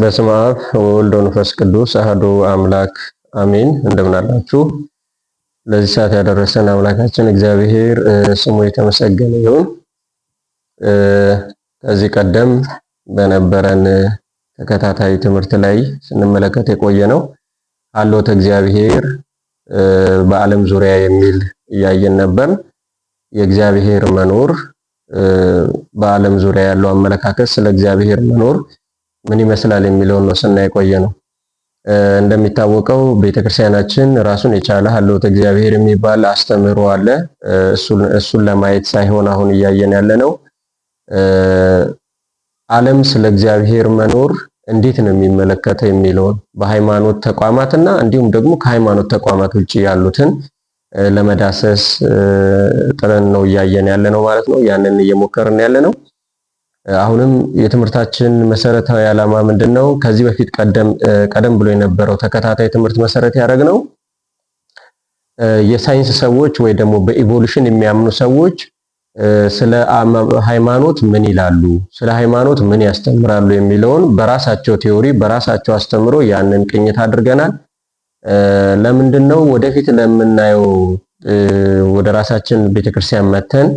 በስመ አብ ወወልድ ወመንፈስ ቅዱስ አህዱ አምላክ አሜን። እንደምን አላችሁ? ለዚህ ሰዓት ያደረሰን አምላካችን እግዚአብሔር ስሙ የተመሰገነ ይሁን። ከዚህ ቀደም በነበረን ተከታታይ ትምህርት ላይ ስንመለከት የቆየ ነው ሀሎተ እግዚአብሔር በዓለም ዙሪያ የሚል እያየን ነበር። የእግዚአብሔር መኖር፣ በዓለም ዙሪያ ያለው አመለካከት ስለ እግዚአብሔር መኖር ምን ይመስላል የሚለውን ነው ስናይ ቆየ ነው። እንደሚታወቀው ቤተክርስቲያናችን ራሱን የቻለ ሀልወተ እግዚአብሔር የሚባል አስተምህሮ አለ። እሱን ለማየት ሳይሆን አሁን እያየን ያለ ነው ዓለም ስለ እግዚአብሔር መኖር እንዴት ነው የሚመለከተው የሚለውን በሃይማኖት ተቋማትና እንዲሁም ደግሞ ከሃይማኖት ተቋማት ውጭ ያሉትን ለመዳሰስ ጥረን ነው እያየን ያለ ነው ማለት ነው። ያንን እየሞከርን ያለ ነው። አሁንም የትምህርታችን መሰረታዊ ዓላማ ምንድን ነው? ከዚህ በፊት ቀደም ብሎ የነበረው ተከታታይ ትምህርት መሰረት ያደረግ ነው የሳይንስ ሰዎች ወይ ደግሞ በኢቮሉሽን የሚያምኑ ሰዎች ስለ ሃይማኖት ምን ይላሉ፣ ስለ ሃይማኖት ምን ያስተምራሉ የሚለውን በራሳቸው ቴዎሪ በራሳቸው አስተምሮ ያንን ቅኝት አድርገናል። ለምንድን ነው ወደፊት ለምናየው ወደ ራሳችን ቤተክርስቲያን መተን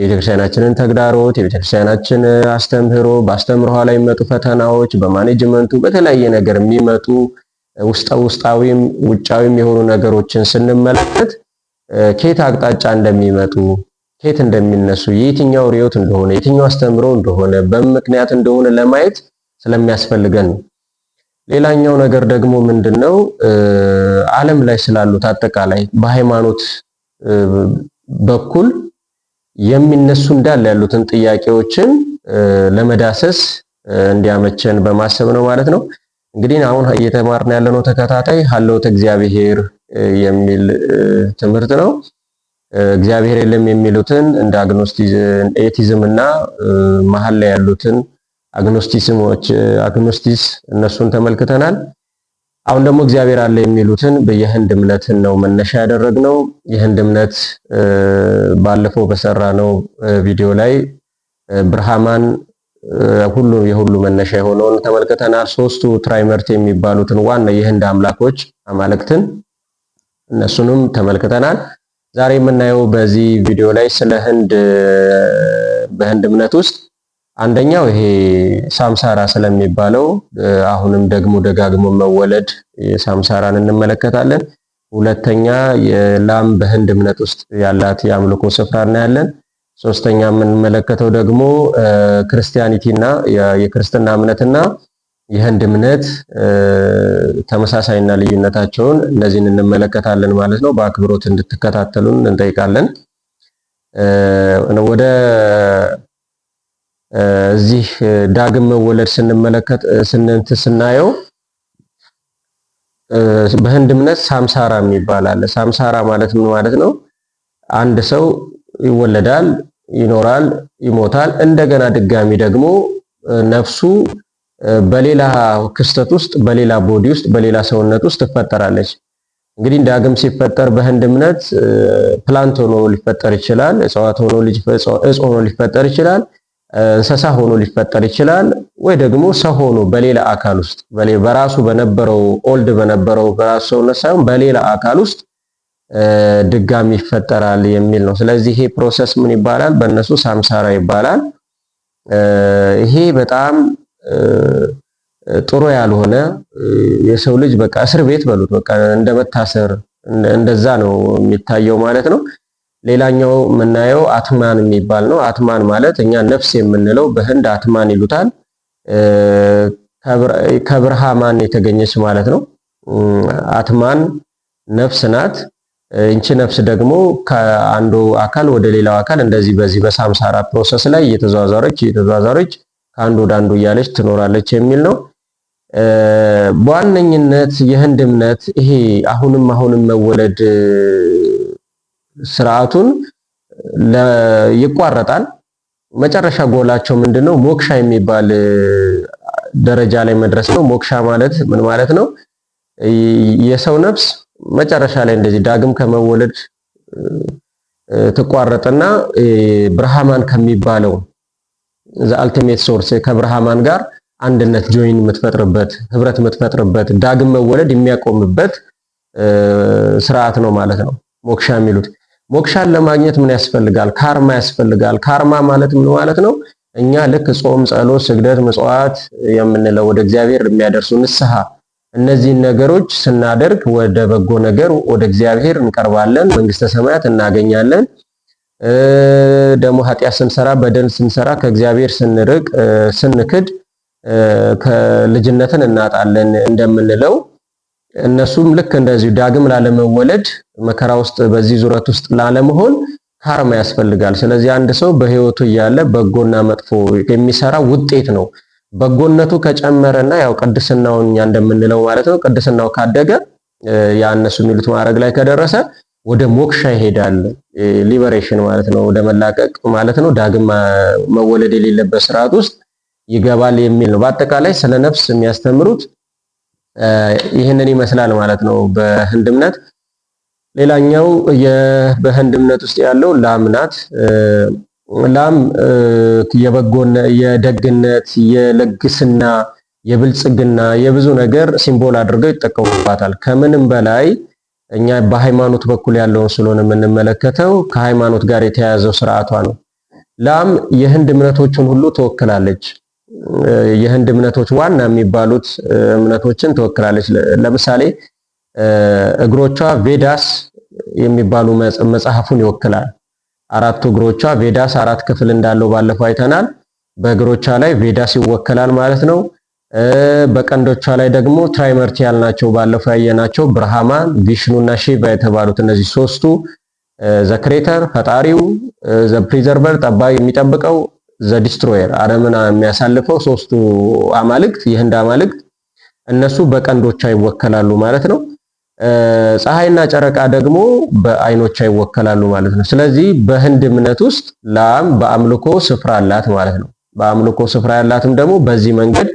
የቤተክርስቲያናችንን ተግዳሮት የቤተክርስቲያናችን አስተምህሮ በአስተምህሮ ላይ የሚመጡ ፈተናዎች በማኔጅመንቱ በተለያየ ነገር የሚመጡ ውስጠ ውስጣዊም ውጫዊም የሆኑ ነገሮችን ስንመለከት ከየት አቅጣጫ እንደሚመጡ ከየት እንደሚነሱ የየትኛው ርዕዮት እንደሆነ የትኛው አስተምህሮ እንደሆነ በምክንያት እንደሆነ ለማየት ስለሚያስፈልገን ነው። ሌላኛው ነገር ደግሞ ምንድነው ዓለም ላይ ስላሉት አጠቃላይ በሃይማኖት በኩል የሚነሱ እንዳለ ያሉትን ጥያቄዎችን ለመዳሰስ እንዲያመቸን በማሰብ ነው ማለት ነው። እንግዲህ አሁን እየተማርን ያለነው ተከታታይ ሀለወተ እግዚአብሔር የሚል ትምህርት ነው። እግዚአብሔር የለም የሚሉትን እንደ አግኖስቲዝም፣ ኤቲዝም እና መሀል ላይ ያሉትን አግኖስቲስሞች አግኖስቲስ እነሱን ተመልክተናል። አሁን ደግሞ እግዚአብሔር አለ የሚሉትን የህንድ እምነትን ነው መነሻ ያደረግነው። የህንድ እምነት ባለፈው በሰራነው ቪዲዮ ላይ ብርሃማን ሁሉ የሁሉ መነሻ የሆነውን ተመልክተናል። ሶስቱ ትራይመርት የሚባሉትን ዋና የህንድ አምላኮች አማልክትን እነሱንም ተመልክተናል። ዛሬ የምናየው በዚህ ቪዲዮ ላይ ስለ ህንድ በህንድ እምነት ውስጥ አንደኛው ይሄ ሳምሳራ ስለሚባለው አሁንም ደግሞ ደጋግሞ መወለድ ሳምሳራን እንመለከታለን። ሁለተኛ የላም በህንድ እምነት ውስጥ ያላት የአምልኮ ስፍራ እናያለን። ሶስተኛ የምንመለከተው ደግሞ ክርስቲያኒቲና የክርስትና እምነትና የህንድ እምነት ተመሳሳይና ልዩነታቸውን እነዚህን እንመለከታለን ማለት ነው። በአክብሮት እንድትከታተሉን እንጠይቃለን ወደ እዚህ ዳግም መወለድ ስንመለከት ስንንት ስናየው በህንድ እምነት ሳምሳራ የሚባል አለ። ሳምሳራ ማለት ምን ማለት ነው? አንድ ሰው ይወለዳል፣ ይኖራል፣ ይሞታል። እንደገና ድጋሚ ደግሞ ነፍሱ በሌላ ክስተት ውስጥ በሌላ ቦዲ ውስጥ በሌላ ሰውነት ውስጥ ትፈጠራለች። እንግዲህ ዳግም ሲፈጠር በህንድ እምነት ፕላንት ሆኖ ሊፈጠር ይችላል፣ እጽዋት ሆኖ ሆኖ ሊፈጠር ይችላል። እንስሳ ሆኖ ሊፈጠር ይችላል ወይ ደግሞ ሰው ሆኖ በሌላ አካል ውስጥ በራሱ በነበረው ኦልድ በነበረው በራሱ ሰውነት ሳይሆን በሌላ አካል ውስጥ ድጋሚ ይፈጠራል የሚል ነው። ስለዚህ ይሄ ፕሮሰስ ምን ይባላል? በእነሱ ሳምሳራ ይባላል። ይሄ በጣም ጥሩ ያልሆነ የሰው ልጅ በቃ እስር ቤት በሉት በቃ እንደመታሰር እንደዛ ነው የሚታየው ማለት ነው። ሌላኛው የምናየው አትማን የሚባል ነው። አትማን ማለት እኛ ነፍስ የምንለው በህንድ አትማን ይሉታል። ከብርሃማን የተገኘች ማለት ነው። አትማን ነፍስ ናት። እንቺ ነፍስ ደግሞ ከአንዱ አካል ወደ ሌላው አካል እንደዚህ በዚህ በሳምሳራ ፕሮሰስ ላይ እየተዘዋዛረች እየተዘዋዛረች ከአንዱ ወደ አንዱ እያለች ትኖራለች የሚል ነው። በዋነኝነት የህንድ እምነት ይሄ አሁንም አሁንም መወለድ ስርዓቱን ይቋረጣል። መጨረሻ ጎላቸው ምንድነው? ሞክሻ የሚባል ደረጃ ላይ መድረስ ነው። ሞክሻ ማለት ምን ማለት ነው? የሰው ነፍስ መጨረሻ ላይ እንደዚህ ዳግም ከመወለድ ትቋረጥና ብርሃማን ከሚባለው ዘ አልቲሜት ሶርስ ከብርሃማን ጋር አንድነት ጆይን የምትፈጥርበት ህብረት የምትፈጥርበት ዳግም መወለድ የሚያቆምበት ስርዓት ነው ማለት ነው ሞክሻ የሚሉት። ሞክሻን ለማግኘት ምን ያስፈልጋል? ካርማ ያስፈልጋል። ካርማ ማለት ምን ማለት ነው? እኛ ልክ ጾም፣ ጸሎት፣ ስግደት፣ ምጽዋት የምንለው ወደ እግዚአብሔር የሚያደርሱ ንስሐ፣ እነዚህን ነገሮች ስናደርግ ወደ በጎ ነገር ወደ እግዚአብሔር እንቀርባለን፣ መንግስተ ሰማያት እናገኛለን። ደግሞ ኃጢአት ስንሰራ፣ በደል ስንሰራ፣ ከእግዚአብሔር ስንርቅ፣ ስንክድ ከልጅነትን እናጣለን እንደምንለው እነሱም ልክ እንደዚሁ ዳግም ላለመወለድ መከራ ውስጥ በዚህ ዙረት ውስጥ ላለመሆን ካርማ ያስፈልጋል። ስለዚህ አንድ ሰው በህይወቱ እያለ በጎና መጥፎ የሚሰራ ውጤት ነው። በጎነቱ ከጨመረና ያው ቅድስናውን እኛ እንደምንለው ማለት ነው። ቅድስናው ካደገ ያ እነሱ የሚሉት ማዕረግ ላይ ከደረሰ ወደ ሞክሻ ይሄዳል። ሊበሬሽን ማለት ነው፣ ወደ መላቀቅ ማለት ነው። ዳግም መወለድ የሌለበት ስርዓት ውስጥ ይገባል የሚል ነው። በአጠቃላይ ስለ ነፍስ የሚያስተምሩት ይህንን ይመስላል ማለት ነው በህንድ እምነት። ሌላኛው በህንድ እምነት ውስጥ ያለው ላም ናት። ላም የደግነት፣ የለግስና፣ የብልጽግና የብዙ ነገር ሲምቦል አድርገው ይጠቀሙባታል። ከምንም በላይ እኛ በሃይማኖት በኩል ያለውን ስለሆነ የምንመለከተው ከሃይማኖት ጋር የተያያዘው ስርዓቷ ነው። ላም የህንድ እምነቶችን ሁሉ ትወክላለች። የህንድ እምነቶች ዋና የሚባሉት እምነቶችን ትወክላለች። ለምሳሌ እግሮቿ ቬዳስ የሚባሉ መጽሐፉን ይወክላል። አራቱ እግሮቿ ቬዳስ አራት ክፍል እንዳለው ባለፈው አይተናል። በእግሮቿ ላይ ቬዳስ ይወከላል ማለት ነው። በቀንዶቿ ላይ ደግሞ ትራይመርቲያል ያልናቸው ባለፈው ያየናቸው ብርሃማ፣ ቪሽኑና ሺቫ የተባሉት እነዚህ ሶስቱ ዘክሬተር ፈጣሪው፣ ዘፕሪዘርቨር የሚጠብቀው ዘዲስትሮየር አረምን የሚያሳልፈው ሶስቱ አማልክት የህንድ አማልክት እነሱ በቀንዶቿ ይወከላሉ ማለት ነው። ፀሐይና ጨረቃ ደግሞ በአይኖቿ ይወከላሉ ማለት ነው። ስለዚህ በህንድ እምነት ውስጥ ላም በአምልኮ ስፍራ አላት ማለት ነው። በአምልኮ ስፍራ ያላትም ደግሞ በዚህ መንገድ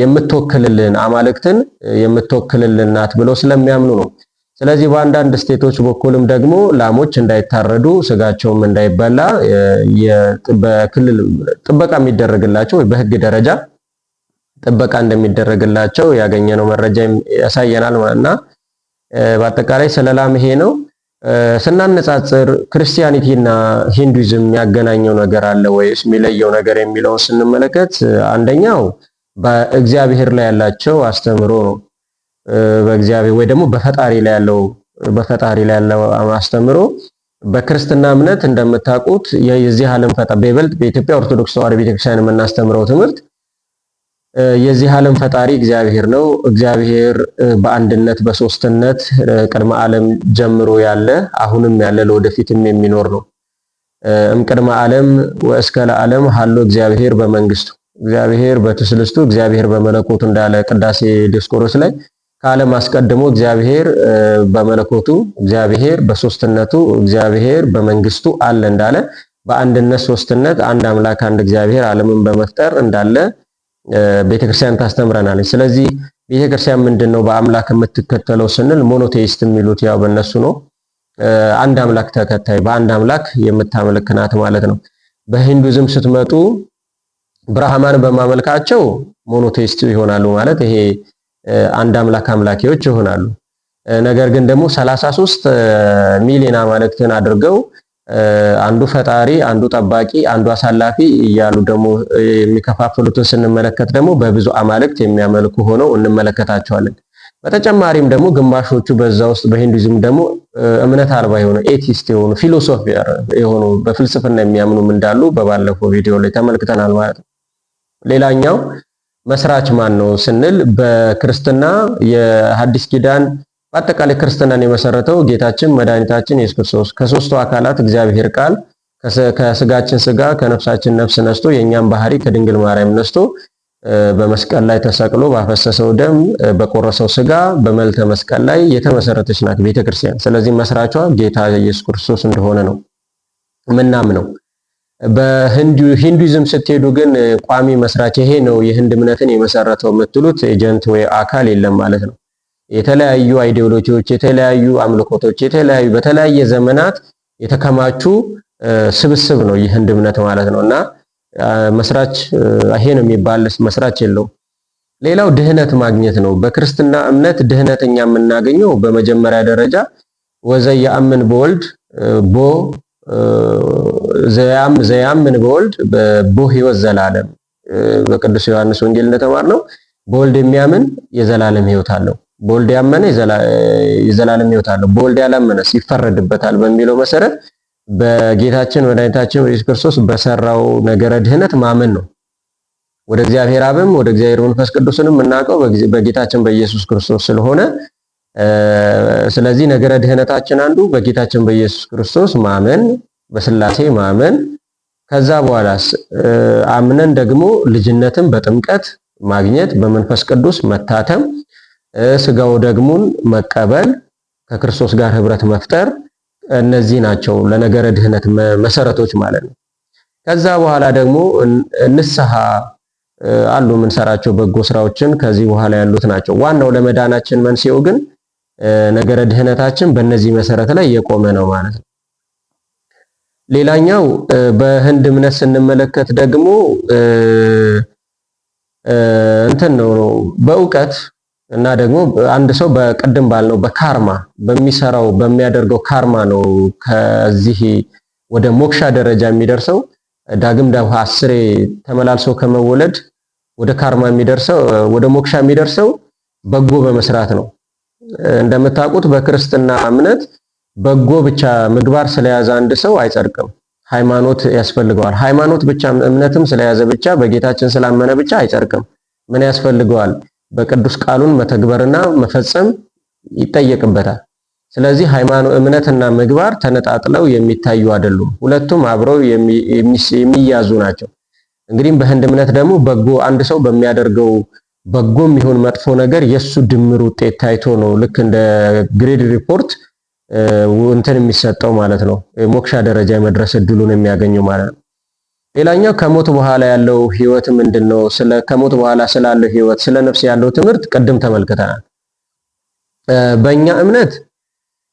የምትወክልልን አማልክትን የምትወክልልን ናት ብለው ስለሚያምኑ ነው። ስለዚህ በአንዳንድ ስቴቶች በኩልም ደግሞ ላሞች እንዳይታረዱ ስጋቸውም እንዳይበላ በክልል ጥበቃ የሚደረግላቸው ወይ ደረጃ ጥበቃ እንደሚደረግላቸው ያገኘነው መረጃ ያሳየናል እና በአጠቃላይ ስለ ላም ይሄ ነው። ስናነጻጽር ክርስቲያኒቲና ሂንዱይዝም ያገናኘው ነገር አለ ወይ የሚለየው ነገር የሚለውን ስንመለከት አንደኛው በእግዚአብሔር ላይ ያላቸው አስተምሮ ነው። በእግዚአብሔር ወይ ደግሞ በፈጣሪ ላይ ያለው በፈጣሪ ላይ ያለው አስተምሮ በክርስትና እምነት እንደምታውቁት የዚህ ዓለም ፈጣሪ በይበልጥ በኢትዮጵያ ኦርቶዶክስ ተዋሕዶ ቤተክርስቲያን የምናስተምረው ትምህርት የዚህ ዓለም ፈጣሪ እግዚአብሔር ነው። እግዚአብሔር በአንድነት በሶስትነት ቅድመ ዓለም ጀምሮ ያለ አሁንም ያለ ለወደፊትም የሚኖር ነው። እምቅድመ ዓለም ወእስከ ለዓለም ሀሎ እግዚአብሔር በመንግስቱ እግዚአብሔር በትስልስቱ እግዚአብሔር በመለኮቱ እንዳለ ቅዳሴ ዲስቆሮስ ላይ ከዓለም አስቀድሞ እግዚአብሔር በመለኮቱ እግዚአብሔር በሶስትነቱ እግዚአብሔር በመንግስቱ አለ እንዳለ በአንድነት ሶስትነት አንድ አምላክ አንድ እግዚአብሔር ዓለምን በመፍጠር እንዳለ ቤተክርስቲያን ታስተምረናለች። ስለዚህ ቤተክርስቲያን ምንድን ነው በአምላክ የምትከተለው ስንል ሞኖቴይስት የሚሉት ያው በእነሱ ነው፣ አንድ አምላክ ተከታይ በአንድ አምላክ የምታመልክ ናት ማለት ነው። በሂንዱዝም ስትመጡ ብርሃማን በማመልካቸው ሞኖቴይስት ይሆናሉ ማለት ይሄ አንድ አምላክ አምላኪዎች ይሆናሉ። ነገር ግን ደግሞ 33 ሚሊዮን አማልክትን አድርገው አንዱ ፈጣሪ፣ አንዱ ጠባቂ፣ አንዱ አሳላፊ እያሉ ደግሞ የሚከፋፍሉትን ስንመለከት ደግሞ በብዙ አማልክት የሚያመልኩ ሆነው እንመለከታቸዋለን። በተጨማሪም ደግሞ ግማሾቹ በዛ ውስጥ በሂንዱይዝም ደግሞ እምነት አልባ የሆኑ ኤቲስት የሆኑ ፊሎሶፊ የሆኑ በፍልስፍና የሚያምኑም እንዳሉ በባለፈው ቪዲዮ ላይ ተመልክተናል ማለት ነው። ሌላኛው መስራች ማን ነው ስንል በክርስትና የሐዲስ ኪዳን በአጠቃላይ ክርስትናን የመሰረተው ጌታችን መድኃኒታችን ኢየሱስ ክርስቶስ ከሶስቱ አካላት እግዚአብሔር ቃል ከስጋችን ስጋ ከነፍሳችን ነፍስ ነስቶ የእኛም ባህሪ ከድንግል ማርያም ነስቶ በመስቀል ላይ ተሰቅሎ ባፈሰሰው ደም በቆረሰው ስጋ በመልተ መስቀል ላይ የተመሰረተች ናት ቤተክርስቲያን። ስለዚህ መስራቿ ጌታ ኢየሱስ ክርስቶስ እንደሆነ ነው ምናምነው። በሂንዱይዝም ስትሄዱ ግን ቋሚ መስራች ይሄ ነው የህንድ እምነትን የመሰረተው የምትሉት ኤጀንት ወይ አካል የለም ማለት ነው። የተለያዩ አይዲዮሎጂዎች፣ የተለያዩ አምልኮቶች፣ የተለያዩ በተለያየ ዘመናት የተከማቹ ስብስብ ነው የህንድ እምነት ማለት ነው እና መስራች ይሄ ነው የሚባል መስራች የለውም። ሌላው ድህነት ማግኘት ነው። በክርስትና እምነት ድህነተኛ የምናገኘው በመጀመሪያ ደረጃ ወዘ የአምን በወልድ ቦ ዘያም ዘያምን በወልድ በቦ ህይወት ዘላለም በቅዱስ ዮሐንስ ወንጌል እንደተማርነው በወልድ የሚያምን የዘላለም ህይወት አለው። በወልድ ያመነ የዘላለም ህይወት አለው። በወልድ ያላመነስ ይፈረድበታል በሚለው መሰረት በጌታችን መድኃኒታችን ኢየሱስ ክርስቶስ በሰራው ነገረ ድህነት ማመን ነው። ወደ እግዚአብሔር አብም ወደ እግዚአብሔር መንፈስ ቅዱስንም የምናውቀው በጌታችን በኢየሱስ ክርስቶስ ስለሆነ ስለዚህ ነገረ ድህነታችን አንዱ በጌታችን በኢየሱስ ክርስቶስ ማመን፣ በስላሴ ማመን ከዛ በኋላ አምነን ደግሞ ልጅነትን በጥምቀት ማግኘት፣ በመንፈስ ቅዱስ መታተም፣ ስጋው ደሙን መቀበል፣ ከክርስቶስ ጋር ህብረት መፍጠር እነዚህ ናቸው ለነገረ ድህነት መሰረቶች ማለት ነው። ከዛ በኋላ ደግሞ ንስሐ አሉ የምንሰራቸው በጎ ስራዎችን ከዚህ በኋላ ያሉት ናቸው። ዋናው ለመዳናችን መንስኤው ግን ነገረ ድህነታችን በእነዚህ መሰረት ላይ የቆመ ነው ማለት ነው። ሌላኛው በህንድ እምነት ስንመለከት ደግሞ እንትን ነው በእውቀት እና ደግሞ አንድ ሰው በቅድም ባልነው በካርማ በሚሰራው በሚያደርገው ካርማ ነው ከዚህ ወደ ሞክሻ ደረጃ የሚደርሰው። ዳግም ዳግም አስሬ ተመላልሶ ከመወለድ ወደ ካርማ የሚደርሰው ወደ ሞክሻ የሚደርሰው በጎ በመስራት ነው። እንደምታውቁት በክርስትና እምነት በጎ ብቻ ምግባር ስለያዘ አንድ ሰው አይጸድቅም። ሃይማኖት ያስፈልገዋል። ሃይማኖት ብቻ እምነትም ስለያዘ ብቻ በጌታችን ስላመነ ብቻ አይጸድቅም። ምን ያስፈልገዋል? በቅዱስ ቃሉን መተግበርና መፈጸም ይጠየቅበታል። ስለዚህ ሃይማኖት እምነትና ምግባር ተነጣጥለው የሚታዩ አይደሉም። ሁለቱም አብረው የሚያዙ ናቸው። እንግዲህ በህንድ እምነት ደግሞ በጎ አንድ ሰው በሚያደርገው በጎም ይሁን መጥፎ ነገር የሱ ድምር ውጤት ታይቶ ነው ልክ እንደ ግሬድ ሪፖርት እንትን የሚሰጠው ማለት ነው። ሞክሻ ደረጃ የመድረስ እድሉን የሚያገኘው ማለት ነው። ሌላኛው ከሞት በኋላ ያለው ህይወት ምንድን ነው? ስለ ከሞት በኋላ ስላለው ህይወት ስለ ነፍስ ያለው ትምህርት ቅድም ተመልክተናል። በእኛ እምነት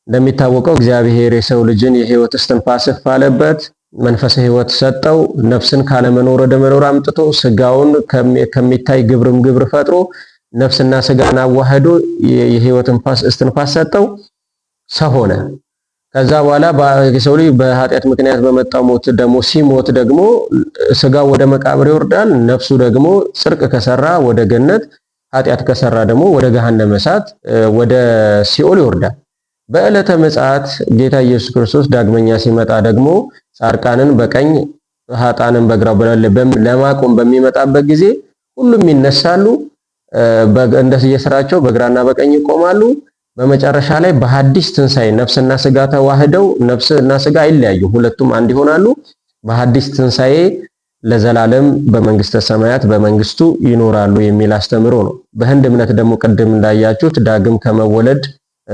እንደሚታወቀው እግዚአብሔር የሰው ልጅን የህይወት እስትንፋስ እፍ መንፈሳዊ ህይወት ሰጠው። ነፍስን ካለመኖር ወደ መኖር አምጥቶ ስጋውን ከሚታይ ግብርም ግብር ፈጥሮ ነፍስና ስጋን አዋህዶ የሕይወትን እስትንፋስ ሰጠው፣ ሰው ሆነ። ከዛ በኋላ የሰው ልጅ በኃጢአት ምክንያት በመጣው ሞት ደግሞ ሲሞት ደግሞ ስጋው ወደ መቃብር ይወርዳል። ነፍሱ ደግሞ ጽድቅ ከሰራ ወደ ገነት፣ ኃጢአት ከሰራ ደግሞ ወደ ገሃነመ እሳት ወደ ሲኦል ይወርዳል። በዕለተ ምጽአት ጌታ ኢየሱስ ክርስቶስ ዳግመኛ ሲመጣ ደግሞ ጻድቃንን በቀኝ ሀጣንን በግራው ለማቆም በሚመጣበት ጊዜ ሁሉም ይነሳሉ፣ እንደየስራቸው በግራና በቀኝ ይቆማሉ። በመጨረሻ ላይ በሐዲስ ትንሣኤ ነፍስና ስጋ ተዋህደው ነፍስና ስጋ አይለያዩ፣ ሁለቱም አንድ ይሆናሉ። በሐዲስ ትንሣኤ ለዘላለም በመንግስተ ሰማያት በመንግስቱ ይኖራሉ የሚል አስተምሮ ነው። በህንድ እምነት ደግሞ ቅድም እንዳያችሁት ዳግም ከመወለድ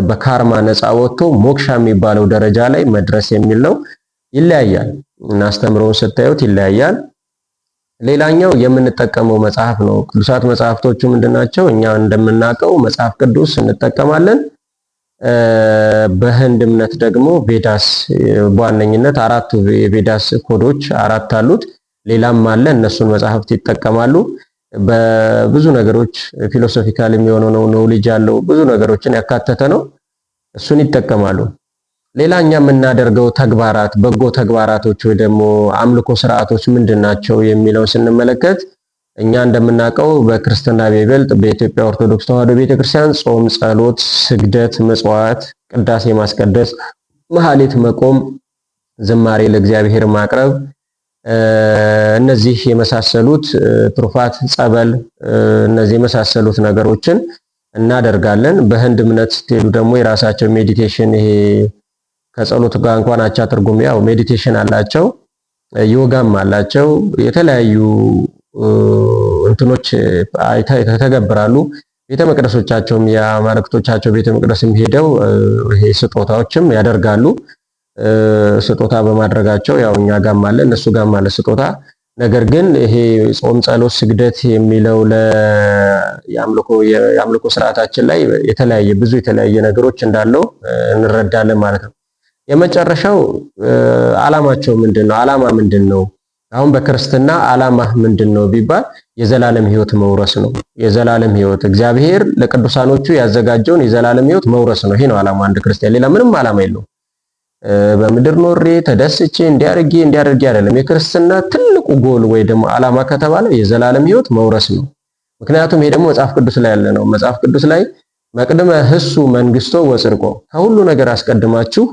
በካርማ ነፃ ወጥቶ ሞክሻ የሚባለው ደረጃ ላይ መድረስ የሚል ነው። ይለያያል እና አስተምሮውን ስታዩት ይለያያል። ሌላኛው የምንጠቀመው መጽሐፍ ነው። ቅዱሳት መጽሐፍቶቹ ምንድናቸው? እኛ እንደምናውቀው መጽሐፍ ቅዱስ እንጠቀማለን። በህንድ እምነት ደግሞ ቬዳስ በዋነኝነት አራቱ የቬዳስ ኮዶች አራት አሉት። ሌላም አለ። እነሱን መጽሐፍት ይጠቀማሉ። በብዙ ነገሮች ፊሎሶፊካል የሚሆነ ነው ኖሌጅ ያለው ብዙ ነገሮችን ያካተተ ነው። እሱን ይጠቀማሉ። ሌላኛ የምናደርገው ተግባራት በጎ ተግባራቶች ወይ ደግሞ አምልኮ ስርዓቶች ምንድን ናቸው የሚለውን ስንመለከት እኛ እንደምናውቀው በክርስትና በይበልጥ በኢትዮጵያ ኦርቶዶክስ ተዋሕዶ ቤተክርስቲያን ጾም፣ ጸሎት፣ ስግደት፣ መጽዋት ቅዳሴ ማስቀደስ፣ መሐሌት መቆም፣ ዝማሬ ለእግዚአብሔር ማቅረብ እነዚህ የመሳሰሉት ትሩፋት፣ ጸበል፣ እነዚህ የመሳሰሉት ነገሮችን እናደርጋለን። በህንድ እምነት ስትሄዱ ደግሞ የራሳቸው ሜዲቴሽን ይሄ ከጸሎት ጋር እንኳን አቻ ትርጉም ያው ሜዲቴሽን አላቸው፣ ዮጋም አላቸው። የተለያዩ እንትኖች ተገብራሉ። ቤተ መቅደሶቻቸውም የአማልክቶቻቸው ቤተ መቅደስም ሄደው ይሄ ስጦታዎችም ያደርጋሉ። ስጦታ በማድረጋቸው ያው እኛ ጋም አለ እነሱ ጋም አለ ስጦታ። ነገር ግን ይሄ ጾም፣ ጸሎት፣ ስግደት የሚለው የአምልኮ ስርዓታችን ላይ የተለያየ ብዙ የተለያየ ነገሮች እንዳለው እንረዳለን ማለት ነው። የመጨረሻው አላማቸው ምንድን ነው? ዓላማ ምንድን ነው? አሁን በክርስትና አላማ ምንድን ነው ቢባል የዘላለም ህይወት መውረስ ነው። የዘላለም ህይወት እግዚአብሔር ለቅዱሳኖቹ ያዘጋጀውን የዘላለም ህይወት መውረስ ነው። ይሄ ነው አላማ አንድ ክርስቲያን። ሌላ ምንም ዓላማ የለውም። በምድር ኖሬ ተደስቼ እንዲያርጌ እንዲያርጌ አይደለም። የክርስትና ትልቁ ጎል ወይ ደግሞ ዓላማ ከተባለ የዘላለም ሕይወት መውረስ ነው። ምክንያቱም ይሄ ደግሞ መጽሐፍ ቅዱስ ላይ ያለ ነው። መጽሐፍ ቅዱስ ላይ መቅድመ ህሱ መንግስቶ ወጽድቆ ከሁሉ ነገር አስቀድማችሁ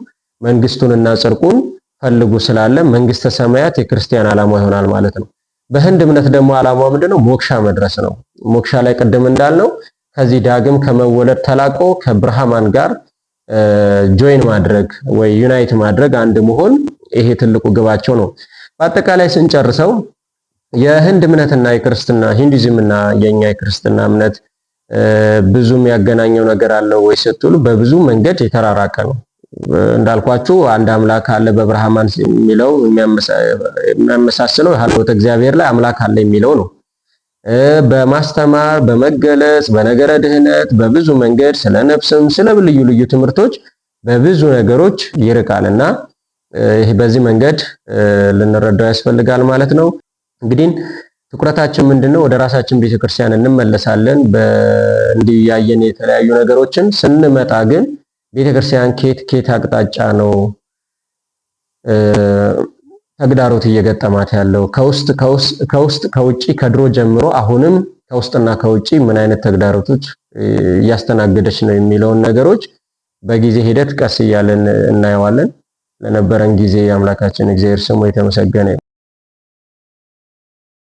መንግስቱንና ጽድቁን ፈልጉ ስላለ መንግስተ ሰማያት የክርስቲያን ዓላማ ይሆናል ማለት ነው። በህንድ እምነት ደግሞ ዓላማው ምንድነው? ሞክሻ መድረስ ነው። ሞክሻ ላይ ቅድም እንዳልነው ከዚህ ዳግም ከመወለድ ተላቆ ከብርሃማን ጋር ጆይን ማድረግ ወይ ዩናይት ማድረግ አንድ መሆን ይሄ ትልቁ ግባቸው ነው። በአጠቃላይ ስንጨርሰው የህንድ እምነትና የክርስትና ሂንዱይዝም እና የኛ የክርስትና እምነት ብዙም ያገናኘው ነገር አለው ወይ ስትሉ በብዙ መንገድ የተራራቀ ነው። እንዳልኳችሁ አንድ አምላክ አለ በብርሃማን የሚለው የሚያመሳስለው ሃይማኖት እግዚአብሔር ላይ አምላክ አለ የሚለው ነው። በማስተማር በመገለጽ በነገረ ድህነት በብዙ መንገድ ስለ ነፍስም ስለ ልዩ ልዩ ትምህርቶች በብዙ ነገሮች ይርቃልና ይህ በዚህ መንገድ ልንረዳው ያስፈልጋል ማለት ነው። እንግዲህ ትኩረታችን ምንድነው? ወደ ራሳችን ቤተክርስቲያን እንመለሳለን እንዲያየን የተለያዩ ነገሮችን ስንመጣ ግን ቤተክርስቲያን ኬት ኬት አቅጣጫ ነው ተግዳሮት እየገጠማት ያለው ከውስጥ ከውስጥ ከውጭ ከድሮ ጀምሮ አሁንም ከውስጥና ከውጭ ምን አይነት ተግዳሮቶች እያስተናገደች ነው የሚለውን ነገሮች በጊዜ ሂደት ቀስ እያለን እናየዋለን። ለነበረን ጊዜ የአምላካችን እግዚአብሔር ስሙ የተመሰገነ